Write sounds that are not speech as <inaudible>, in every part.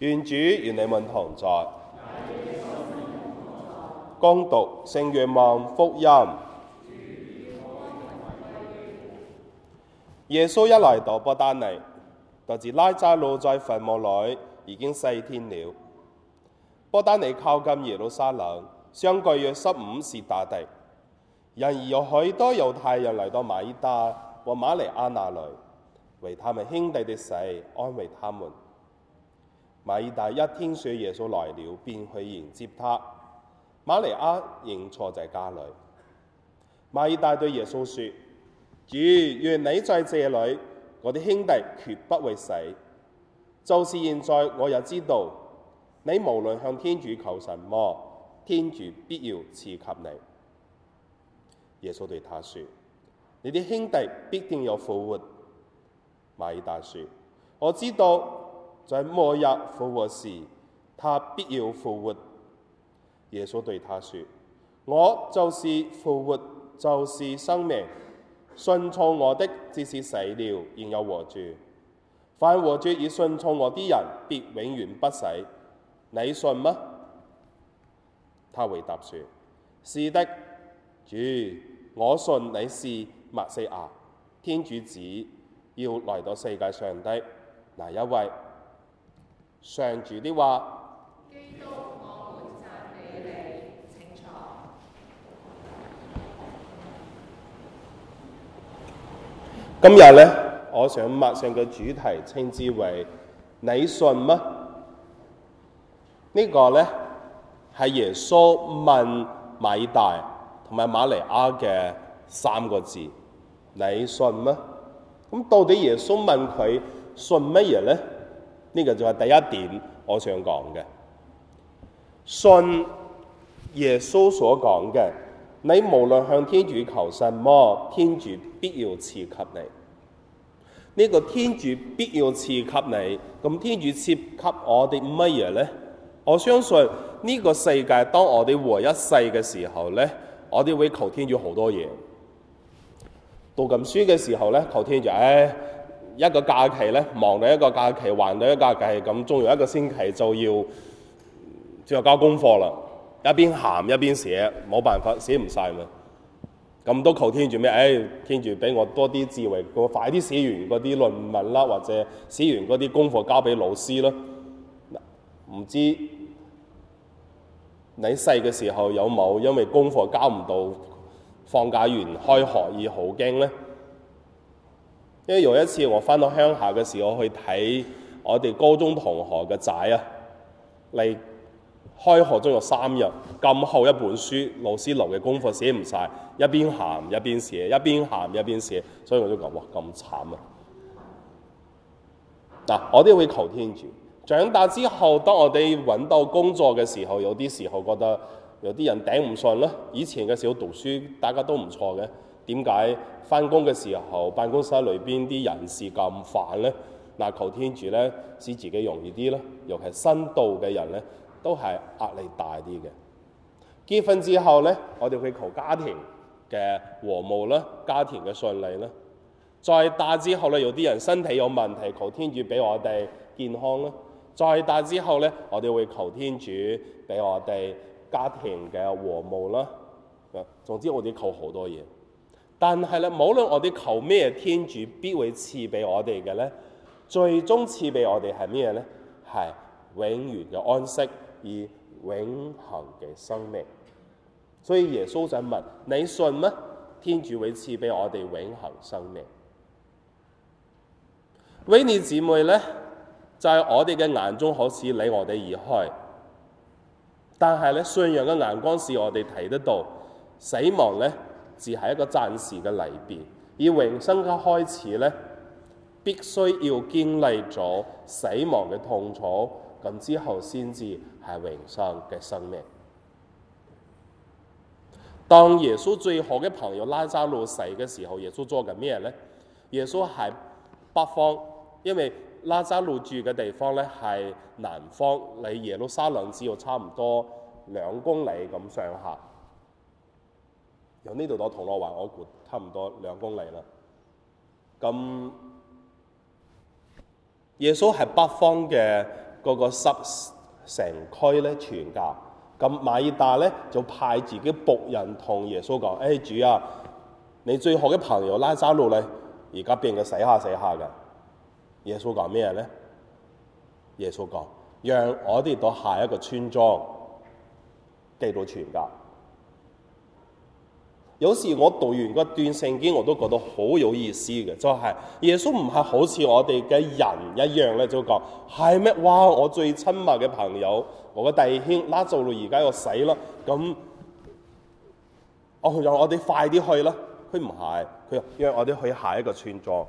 願主與你們同在。恭讀聖若望福音，耶穌一來到波丹尼，就自拉匝祿在墳墓裏已經四天了。波丹尼靠近耶路撒冷，相距約十五斯塔狄。因而有許多猶太人嚟到馬爾達和瑪利亞那裏，為他們兄弟的死安慰他們。馬爾大一聽說耶穌來了，便去迎接他。瑪利亞仍坐在家裏。馬爾大對耶穌說：主，若 <noise> 你在這裏，我啲兄弟決不會死。就是現在，我也知道，你無論向天主求什麼，天主必要賜給你。耶穌對他說：你啲兄弟必定有復活。馬爾大說：我知道。在末日復活時，他必要復活。耶穌對他說：我就是復活，就是生命。信從我的，即使死了，仍有活住；凡活住而信從我的人，必永遠不死。你信嗎？他回答說：是的，主，我信你是默西亞，天主子，要來到世界上的那一位。上主啲話，基督，我哋讚美你。今日呢，我想默上嘅主題稱之為你信嗎？呢、這個呢，係耶穌問米大同埋瑪利亞嘅三個字，你信嗎？咁到底耶穌問佢信乜嘢呢？」呢、個就係第一點，我想講嘅。信耶穌所講嘅，你無論向天主求什麼，天主必要賜給你。呢、個天主必要賜給你，咁天主賜給我哋乜嘢咧？我相信呢個世界，當我哋活一世嘅時候咧，我哋會求天主好多嘢。讀緊書嘅時候咧，求天主。哎一個假期咧，忙到一個假期，還到一個假期係咁，仲有一個星期就要就要交功課啦。一邊喊一邊寫，冇辦法寫唔晒嘛。咁都求天住主咩？唉、哎，天主俾我多啲智慧，我快啲寫完嗰啲論文啦，或者寫完嗰啲功課交俾老師啦。唔知你細嘅時候有冇因為功課交唔到，放假完開學而好驚咧？因為有一次我翻到鄉下嘅時候，我去睇我哋高中同學嘅仔啊，嚟開學都有三日，咁厚一本書，老師留嘅功課寫唔晒，一邊喊一邊寫，一邊喊一,一,一邊寫，所以我都講哇咁慘啊！嗱、啊，我哋會求天主。長大之後，當我哋揾到工作嘅時候，有啲時候覺得有啲人頂唔順啦。以前嘅時候讀書，大家都唔錯嘅。點解返工嘅時候，辦公室裏邊啲人士咁煩咧？嗱，求天主咧，使自己容易啲啦。尤其新到嘅人咧，都係壓力大啲嘅。結婚之後咧，我哋會求家庭嘅和睦啦，家庭嘅順利啦。再大之後咧，有啲人身體有問題，求天主俾我哋健康啦。再大之後咧，我哋會求天主俾我哋家庭嘅和睦啦。啊，總之我哋求好多嘢。但係咧，無論我哋求咩，天主必會賜俾我哋嘅咧。最終賜俾我哋係咩咧？係永遠嘅安息與永恒嘅生命。所以耶穌就問：你信咩？天主會賜俾我哋永恒生命。威尼姊妹咧，就係、是、我哋嘅眼中好似離我哋而去，但係咧，信仰嘅眼光使我哋睇得到死亡咧。只係一個暫時嘅離別，而永生嘅開始咧，必須要經歷咗死亡嘅痛楚，咁之後先至係永生嘅生命。當耶穌最好嘅朋友拉撒路死嘅時候，耶穌做緊咩咧？耶穌喺北方，因為拉撒路住嘅地方咧係南方，離耶路撒冷只有差唔多兩公里咁上下。由呢度到銅鑼灣，我估差唔多兩公里啦。咁耶穌係北方嘅嗰個十城區咧，傳教。咁馬爾大咧就派自己僕人同耶穌講：誒主啊，你最好嘅朋友拉沙路咧，而家變到死下死下嘅。耶穌講咩咧？耶穌講：讓我哋到下一個村莊，記到傳教。有時我讀完個段聖經，我都覺得好有意思嘅，就係耶穌唔係好似我哋嘅人一樣咧，就講係咩？哇！我最親密嘅朋友，我嘅弟兄拉撒路而家要死啦，咁我，我讓我哋快啲去啦。佢唔係，佢話讓我哋去下一個村莊。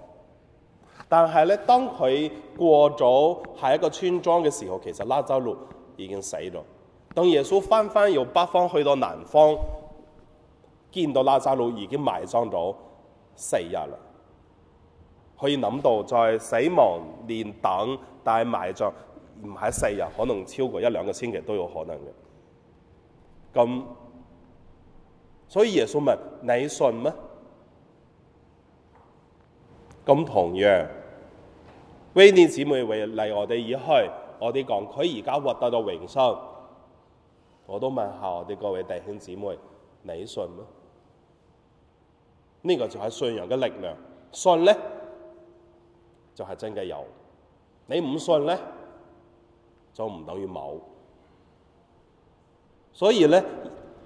但係咧，當佢過咗下一個村莊嘅時候，其實拉撒路已經死咗。當耶穌翻翻由北方去到南方。見到拉沙魯已經埋葬咗四日啦，可以諗到在死亡連等，但埋葬唔係四日，可能超過一兩個星期都有可能嘅。咁，所以耶穌問：你信嗎？咁同樣，威尼姊妹為嚟我哋而去，我哋講佢而家獲得咗永生。我都問下我哋各位弟兄姊妹，你信嗎？呢、這個就係信仰嘅力量，信咧就係、是、真嘅有，你唔信咧就唔等於冇。所以咧，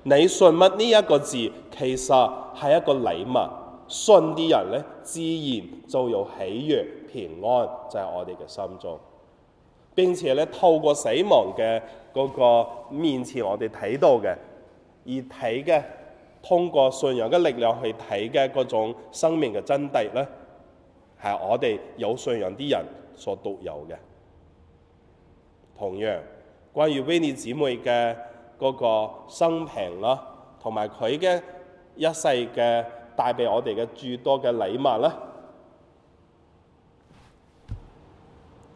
你信乜呢一個字，其實係一個禮物。信啲人咧，自然就有喜悅、平安，就係、是、我哋嘅心中，並且咧透過死亡嘅嗰個面前我，我哋睇到嘅而睇嘅。通過信仰嘅力量去睇嘅嗰種生命嘅真諦咧，係我哋有信仰啲人所獨有嘅。同樣，關於威尼姊妹嘅嗰個生平啦，同埋佢嘅一世嘅帶俾我哋嘅諸多嘅禮物咧，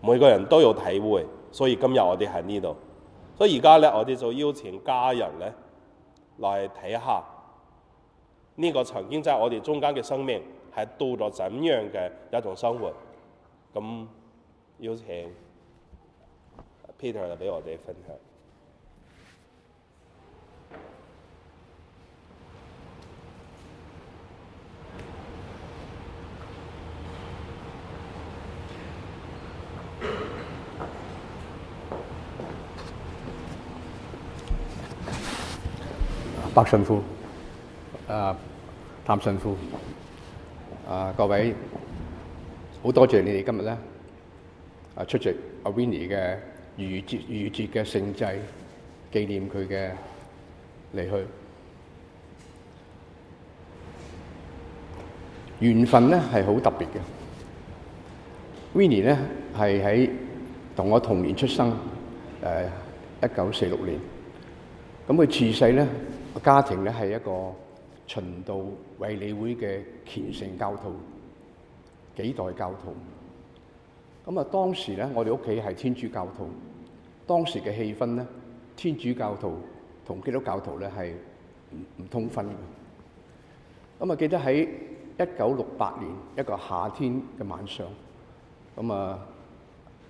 每個人都有體會。所以今日我哋喺呢度，所以而家咧我哋就邀請家人咧，嚟睇下。呢、這個曾經在我哋中間嘅生命係度咗怎樣嘅一種生活？咁有請 Peter 嚟俾我哋分享。白神父。啊，譚神父，啊各位，好多謝你哋今日咧，啊出席阿 Winnie 嘅逾節逾節嘅聖祭，紀念佢嘅離去。緣分咧係好特別嘅，Winnie 咧係喺同我同年出生，誒一九四六年，咁佢自細咧，家庭咧係一個，循道衛理會嘅虔誠教徒，幾代教徒。咁啊，當時咧，我哋屋企係天主教徒。當時嘅氣氛咧，天主教徒同基督教徒咧係唔通婚嘅。咁啊，記得喺一九六八年一個夏天嘅晚上，咁啊，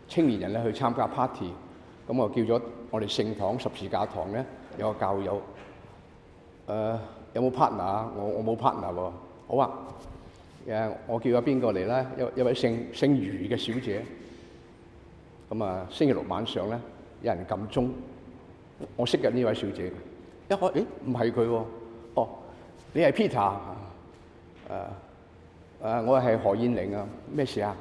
青年人咧去參加 party，咁啊叫咗我哋聖堂十字架堂咧有個教友，誒、呃。有冇 partner? partner 啊？我我冇 partner 喎。好啊。誒，我叫咗邊個嚟啦？一一位姓姓余嘅小姐。咁啊，星期六晚上咧，有人撳鐘。我識緊呢位小姐。一開，誒，唔係佢喎。哦，你係 Peter 啊？誒我係何燕玲啊。咩、啊、事啊？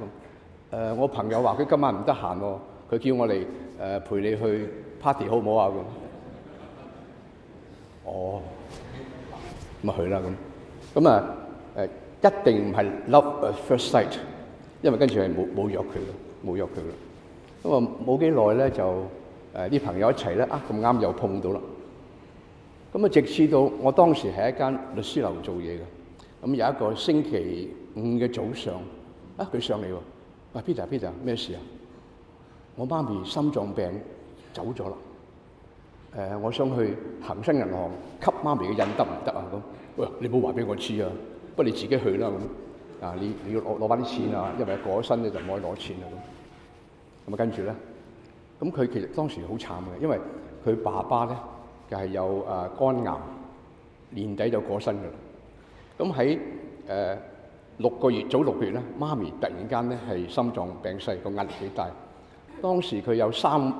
誒、啊，我朋友話佢今晚唔得閒喎，佢叫我嚟誒、呃、陪你去 party 好唔好啊？咁。哦。咁啊去啦咁。咁啊誒，一定唔係 love at first sight，因為跟住係冇冇約佢啦，冇約佢啦。咁啊冇幾耐咧就，誒啲、呃、朋友一齊咧啊，咁啱又碰到啦。咁啊直至到我當時喺一間律師樓做嘢嘅，咁有一個星期五嘅早上啊佢上嚟喎，喂、啊、Peter Peter 咩事啊？我媽咪心臟病走咗啦。誒、呃，我想去恒生銀行給媽咪嘅印得唔得啊？咁喂，你唔好話俾我知啊，不過你自己去啦咁。啊，你你要攞攞翻啲錢啊，因為過咗身你就唔可以攞錢啦咁。咁啊，跟住咧，咁佢其實當時好慘嘅，因為佢爸爸咧就係有誒、啊、肝癌，年底就過身噶啦。咁喺誒六個月早六月咧，媽咪突然間咧係心臟病逝，個壓力幾大。當時佢有三。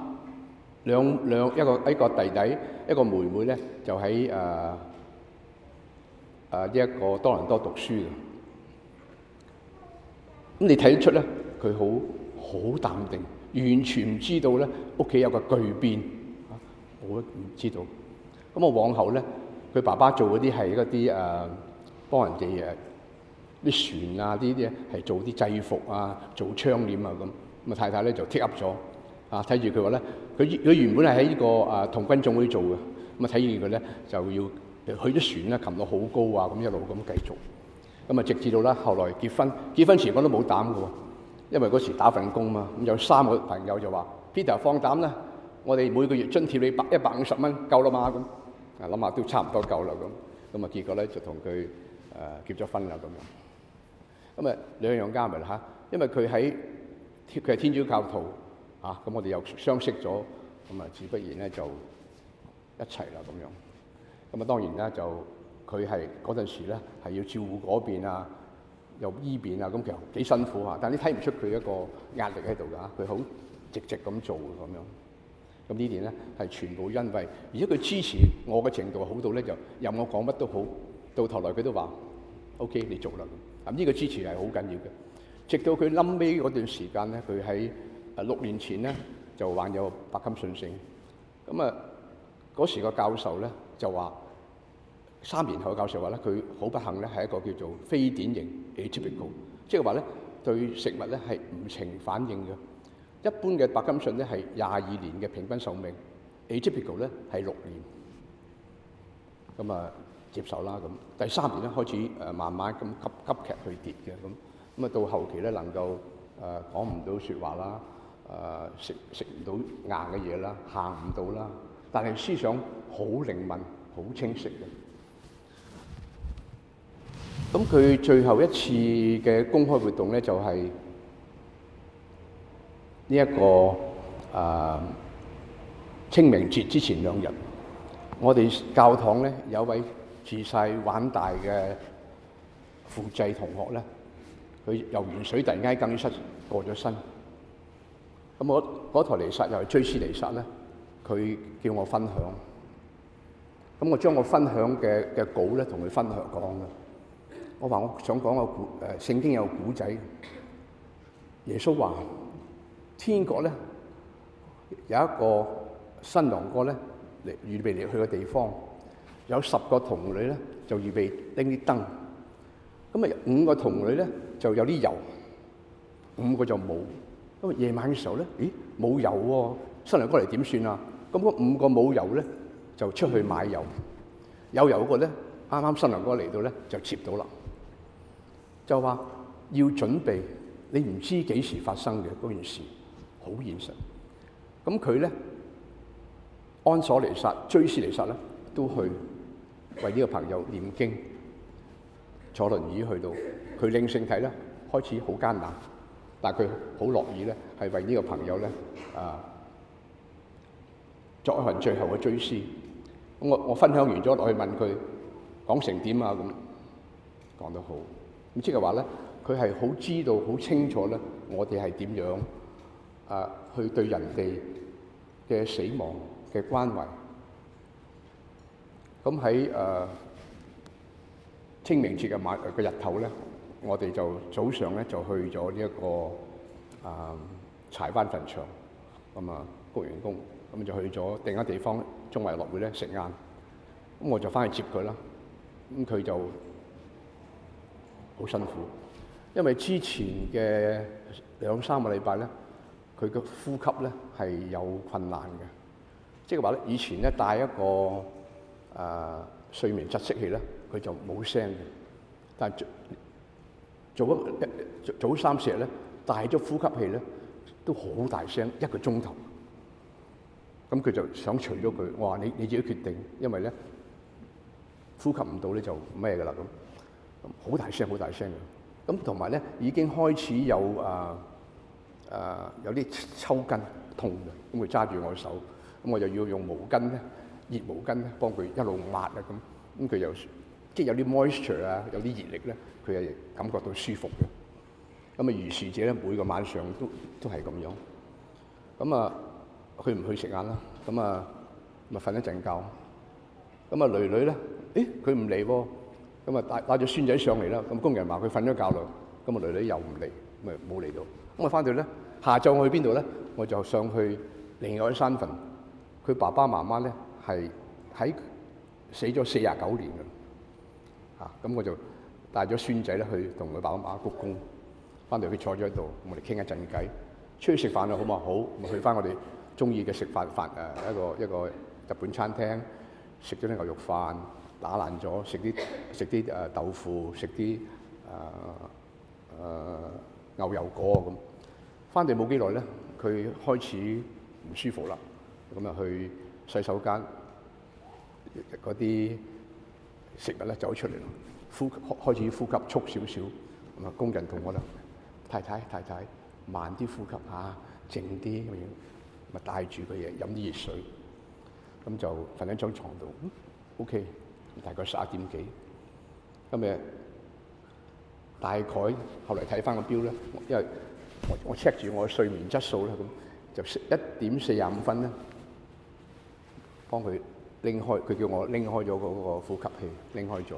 兩兩一個一個弟弟一個妹妹咧，就喺誒誒呢一個多倫多讀書嘅。咁你睇得出咧，佢好好淡定，完全唔知道咧屋企有個巨變啊！我都唔知道咁啊。往後咧，佢爸爸做嗰啲係嗰啲誒幫人哋誒啲船啊啲啲係做啲制服啊，做窗簾啊咁。咁啊，太太咧就 take up 咗啊，睇住佢話咧。佢佢原本係喺、這個呃、呢個啊同軍總會做嘅，咁啊睇見佢咧就要去咗船啦，擒到好高啊，咁一路咁繼續，咁啊直至到咧後來結婚，結婚前我都冇膽嘅喎，因為嗰時打份工嘛，咁有三個朋友就話 Peter 放膽啦，我哋每個月津貼你百一百五十蚊夠啦嘛咁，啊諗下都差唔多夠啦咁，咁啊結果咧就同佢誒結咗婚啦咁樣，咁啊兩樣加埋嚇，因為佢喺佢係天主教徒。嚇、啊、咁我哋又相識咗，咁啊，自不然咧就一齊啦咁樣。咁啊，當然啦，就佢係嗰陣時咧係要照顧嗰邊啊，又依邊啊，咁其實幾辛苦嚇、啊。但你睇唔出佢一個壓力喺度㗎，佢好直直咁做咁樣。咁呢點咧係全部因為，而且佢支持我嘅程度好到咧就任我講乜都好，到頭來佢都話 OK 你做啦。咁呢個支持係好緊要嘅。直到佢冧尾嗰段時間咧，佢喺。誒六年前咧就患有白金遜症。咁啊嗰時個教授咧就話三年後，個教授話咧佢好不幸咧係一個叫做非典型 atypical，即係話咧對食物咧係唔呈反應嘅。一般嘅白金遜咧係廿二年嘅平均壽命，atypical 咧係六年，咁啊接受啦咁。第三年咧開始誒慢慢咁急急劇去跌嘅咁，咁啊到後期咧能夠誒講唔到説話啦。誒食食唔到硬嘅嘢啦，行唔到啦，但係思想好靈敏、好清晰嘅。咁佢最後一次嘅公開活動咧，就係呢一個誒清明節之前兩日，我哋教堂咧有位自細玩大嘅副祭同學咧，佢游完水突然間更衣室，過咗身。咁我嗰台彌撒又係追思彌撒咧，佢叫我分享，咁我將我分享嘅嘅稿咧同佢分享講噶。我話我想講個古，誒，聖經有古仔。耶穌話天國咧有一個新郎哥咧，嚟預備嚟去個地方，有十個童女咧就預備拎啲燈，咁啊五個童女咧就有啲油，五個就冇。咁夜晚嘅時候咧，咦冇油喎、啊，新郎哥嚟點算啊？咁嗰五個冇油咧，就出去買油。有油嗰個咧，啱啱新郎哥嚟到咧，就接到啦。就話要準備你唔知幾時發生嘅嗰件事，好現實。咁佢咧，安所彌撒，追思彌撒咧，都去為呢個朋友念經，坐輪椅去到，佢靈性睇咧，開始好艱難。但係佢好樂意咧，係為呢個朋友咧，啊，作一份最後嘅追思。咁我我分享完咗，我係問佢講成點啊？咁講得好。咁即係話咧，佢係好知道、好清楚咧，我哋係點樣啊？去對人哋嘅死亡嘅關懷。咁喺誒清明節嘅晚嘅日頭咧。我哋就早上咧就去咗呢一個啊柴灣墳場，咁啊鞠完躬咁就去咗另一地方中華樂會咧食晏，咁我就翻去接佢啦。咁佢就好辛苦，因為之前嘅兩三個禮拜咧，佢嘅呼吸咧係有困難嘅，即係話咧以前咧戴一個啊、呃、睡眠窒息器咧，佢就冇聲嘅，但係做一早三四日咧，戴咗呼吸器咧，都好大聲一個鐘頭。咁佢就想除咗佢，我話，你你自己決定，因為咧呼吸唔到咧就咩㗎啦咁。好大聲，好大聲。咁同埋咧已經開始有啊啊、呃呃、有啲抽筋痛嘅，咁佢揸住我手，咁我又要用毛巾咧，熱毛巾咧幫佢一路抹啊咁，咁佢又。即係有啲 moisture 啊，有啲熱力咧，佢係感覺到舒服嘅。咁啊，如是者咧每個晚上都都係咁樣。咁啊，佢唔去食晏啦。咁啊，咪瞓一陣覺。咁啊，女女咧，誒佢唔嚟喎。咁啊，帶帶咗孫仔上嚟啦。咁工人話佢瞓咗覺啦。咁啊，女女又唔嚟，咪冇嚟到。咁啊，翻到咧，下晝我去邊度咧？我就上去另外一山墳。佢爸爸媽媽咧係喺死咗四十九年嘅。咁、啊、我就帶咗孫仔咧去同佢爸爸鞠躬，翻嚟佢坐咗喺度，我哋傾一陣偈，出去食飯啦，好唔好？好，咪去翻我哋中意嘅食飯飯誒一個一個日本餐廳，食咗啲牛肉飯，打爛咗，食啲食啲誒豆腐，食啲誒誒牛油果咁。翻嚟冇幾耐咧，佢開始唔舒服啦，咁啊去洗手間嗰啲。食物咧走出嚟咯，呼開始呼吸促少少，咁啊工人同我啦，太太太太慢啲呼吸下，靜啲咁樣，咪帶住佢嘢飲啲熱水，咁就瞓喺張牀度，OK，大概十一點幾，咁啊大概後嚟睇翻個表咧，因為我我 check 住我睡眠質素咧咁，就十一點四十五分咧幫佢，拎開，佢叫我拎開咗嗰個呼吸器，拎開咗。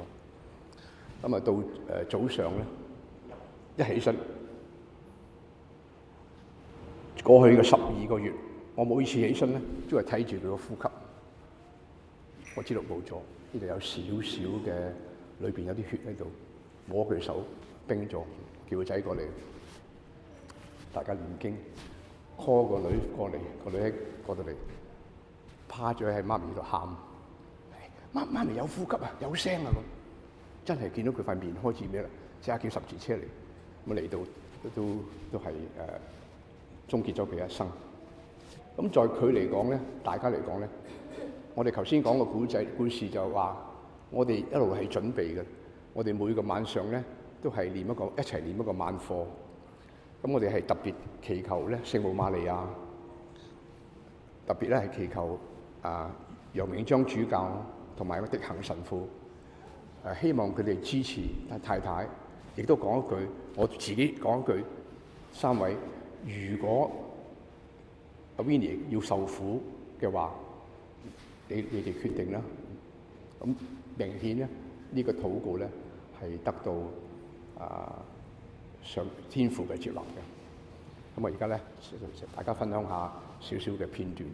咁啊，到誒早上咧，一起身，過去嘅十二個月，我每次起身咧，都係睇住佢個呼吸。我知道冇咗，呢度有少少嘅，裏邊有啲血喺度。摸佢手，冰咗，叫個仔過嚟，大家念經，call 個女過嚟，個女婿過嚟。趴咗喺媽媽咪度喊，媽咪有呼吸啊，有聲啊！咁真係見到佢塊面開始咩啦？即刻叫十字車嚟，咁嚟到都都係誒終結咗佢一生。咁在佢嚟講咧，大家嚟講咧，我哋頭先講個古仔故事就話，我哋一路係準備嘅，我哋每個晚上咧都係練一個一齊練一個晚課。咁我哋係特別祈求咧聖母瑪利亞，特別咧係祈求。啊，楊明章主教同埋一個迪行神父，誒、啊、希望佢哋支持。但太太亦都講一句，我自己講一句，三位如果阿 Winnie 要受苦嘅話，你你哋決定啦。咁明顯咧，這個、禱呢個禱告咧係得到啊上天父嘅接納嘅。咁我而家咧，大家分享一下少少嘅片段。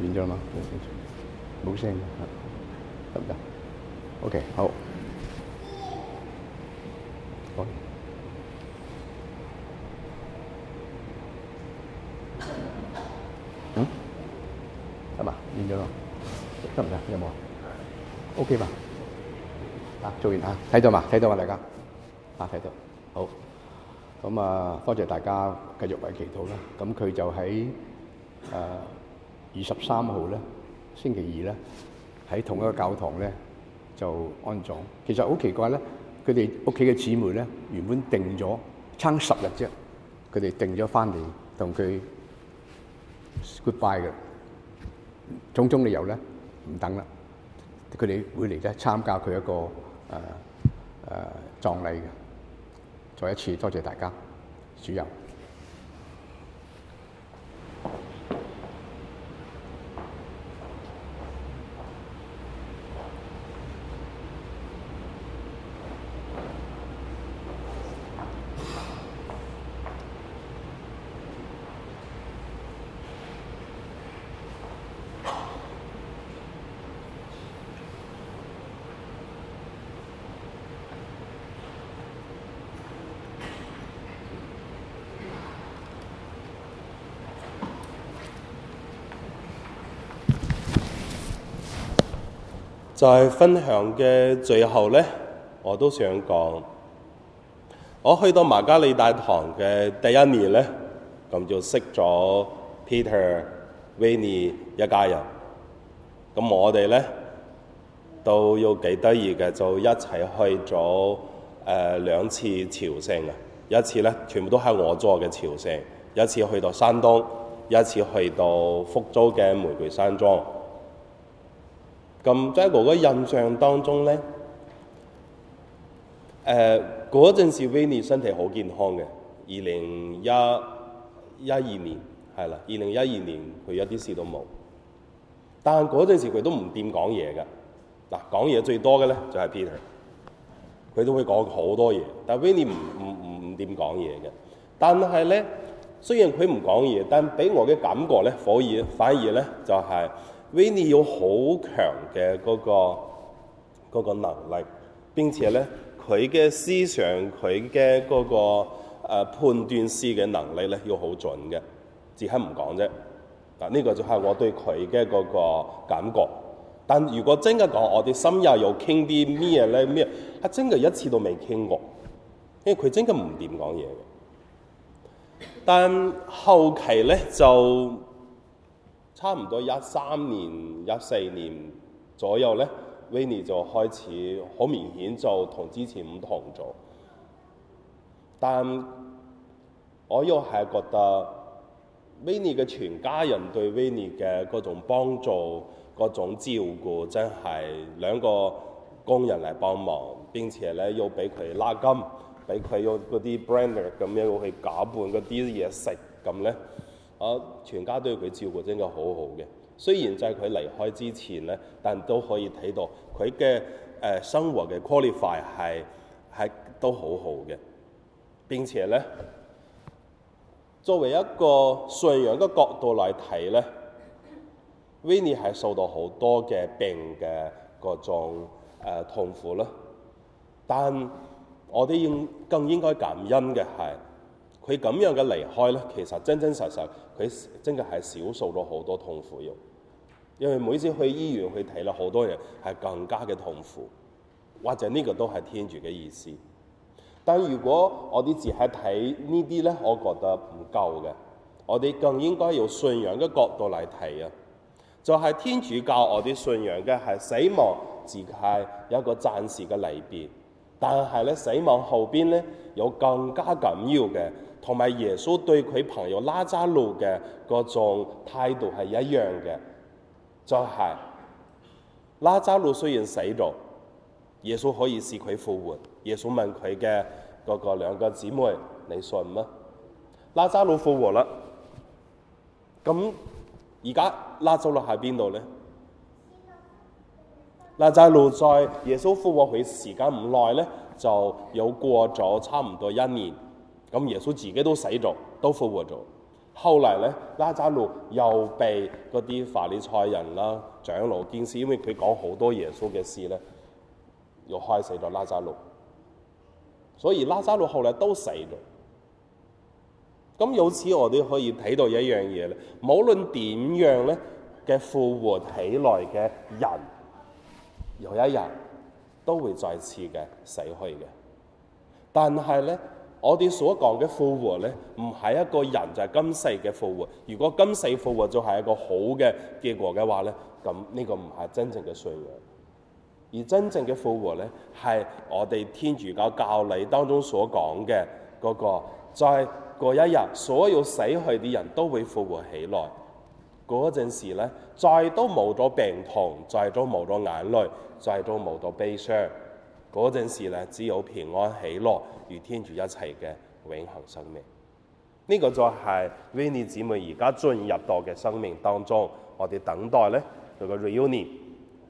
完咗嘛？冇聲啊！得唔得？OK，好。OK。嗯？得嘛？完咗咯？得唔得？有冇？OK 吧？啊，做完啊！睇到嘛？睇到啊，大家。啊，睇到。好。咁啊，多謝大家繼續為祈禱啦。咁佢就喺誒。二十三號咧，星期二咧，喺同一個教堂咧就安葬。其實好奇怪咧，佢哋屋企嘅姊妹咧原本定咗差十日啫，佢哋定咗返嚟同佢 goodbye 嘅。種種理由咧唔等啦，佢哋會嚟咧參加佢一個，呃，呃，葬禮嘅。再一次多謝大家，主任。就係分享嘅最後呢，我都想講，我去到馬加利大堂嘅第一年呢，咁就識咗 Peter、Winnie 一家人。咁我哋呢，都都幾得意嘅，就一齊去咗誒、呃、兩次朝聖啊！一次呢，全部都係我做嘅朝聖，一次去到山東，一次去到福州嘅玫瑰山莊。咁在我嘅印象當中咧，誒嗰陣時 Vinnie 身體好健康嘅，二零一一二年係啦，二零一二年佢一啲事都冇。但係嗰陣時佢都唔掂講嘢㗎，嗱講嘢最多嘅咧就係 Peter，佢都會講好多嘢，但 Vinnie 唔唔唔掂講嘢嘅。但係咧，雖然佢唔講嘢，但俾我嘅感覺咧，可以反而咧就係。Winnie 有好強嘅嗰個能力，並且咧佢嘅思想佢嘅嗰個、呃、判斷思嘅能力咧要好準嘅，只係唔講啫。嗱、這、呢個就係我對佢嘅嗰個感覺。但如果真係講，我哋深夜又傾啲咩咧咩？啊真係一次都未傾過，因為佢真係唔掂講嘢嘅。但後期咧就～差唔多一三年、一四年左右咧 Winnie 就開始好明顯就同之前唔同做。但我又係覺得 Winnie 嘅全家人對 Winnie 嘅嗰種幫助，嗰種照顧真係兩個工人嚟幫忙，並且咧要俾佢拉筋，俾佢用嗰啲 brand 咁樣去攪拌嗰啲嘢食咁咧。啊！全家對佢照顧真係好好嘅。雖然就係佢離開之前咧，但都可以睇到佢嘅誒生活嘅 quality 係係都好好嘅。並且咧，作為一個信仰嘅角度嚟睇咧， <laughs> Winnie 係受到好多嘅病嘅各種、呃、痛苦啦。但我哋應更應該感恩嘅係佢咁樣嘅離開咧，其實真真實實。佢真嘅係少受咗好多痛苦喎，因為每次去醫院去睇咧，好多人係更加嘅痛苦，或者呢個都係天主嘅意思。但如果我哋只係睇呢啲咧，我覺得唔夠嘅，我哋更應該用信仰嘅角度嚟睇啊！就係天主教我哋信仰嘅係死亡只係一個暫時嘅離別，但係咧死亡後邊咧有更加緊要嘅。同埋耶穌對佢朋友拉扎路嘅嗰種態度係一樣嘅，就係拉扎路雖然死咗，耶穌可以使佢復活。耶穌問佢嘅嗰個兩個姊妹：你信嗎？拉扎路復活啦，咁而家拉扎路喺邊度咧？拉扎路在耶穌復活佢時間唔耐咧，就有過咗差唔多一年。咁耶穌自己都死咗，都復活咗。後嚟咧，拉扎魯又被嗰啲法利賽人啦、長老見事，因為佢講好多耶穌嘅事咧，又害死咗拉扎魯。所以拉扎魯後嚟都死咗。咁由此我哋可以睇到一樣嘢咧，無論點樣咧嘅復活起來嘅人，有一日都會再次嘅死去嘅。但係咧。我哋所講嘅復活咧，唔係一個人就係、是、今世嘅復活。如果今世復活就係一個好嘅結果嘅話咧，咁呢個唔係真正嘅信仰。而真正嘅復活咧，係我哋天主教教理當中所講嘅嗰個，在嗰一日，所有死去啲人都會復活起來。嗰陣時咧，再都冇咗病痛，再都冇咗眼淚，再都冇咗悲傷。嗰陣時咧，只有平安喜樂與天主一齊嘅永恆生命。呢、這個就係 Winni 姊妹而家進入到嘅生命當中，我哋等待咧佢個 reunion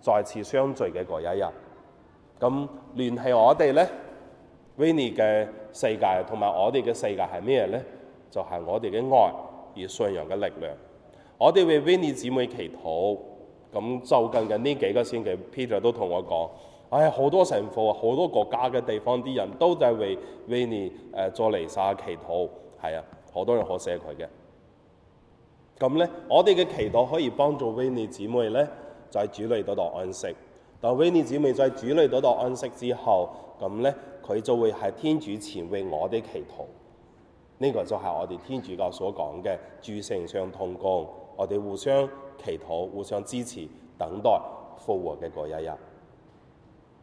再次相聚嘅嗰一日。咁聯繫我哋咧，Winni 嘅世界同埋我哋嘅世界係咩咧？就係、是、我哋嘅愛與信仰嘅力量。我哋為 Winni 姊妹祈禱。咁就近嘅呢幾個星期，Peter 都同我講。唉、哎，好多神父啊！好多國家嘅地方啲人都就係為 Winnie 誒做彌撒、呃、祈禱，係啊，好多人好錫佢嘅。咁咧，我哋嘅祈禱可以幫助 Winnie 姊妹咧，在主內嗰度安息。但 Winnie 姊妹在主內嗰度安息之後，咁咧佢就會喺天主前為我哋祈禱。呢、這個就係我哋天主教所講嘅，諸聖相通功。我哋互相祈禱、互相支持、等待復活嘅嗰一日。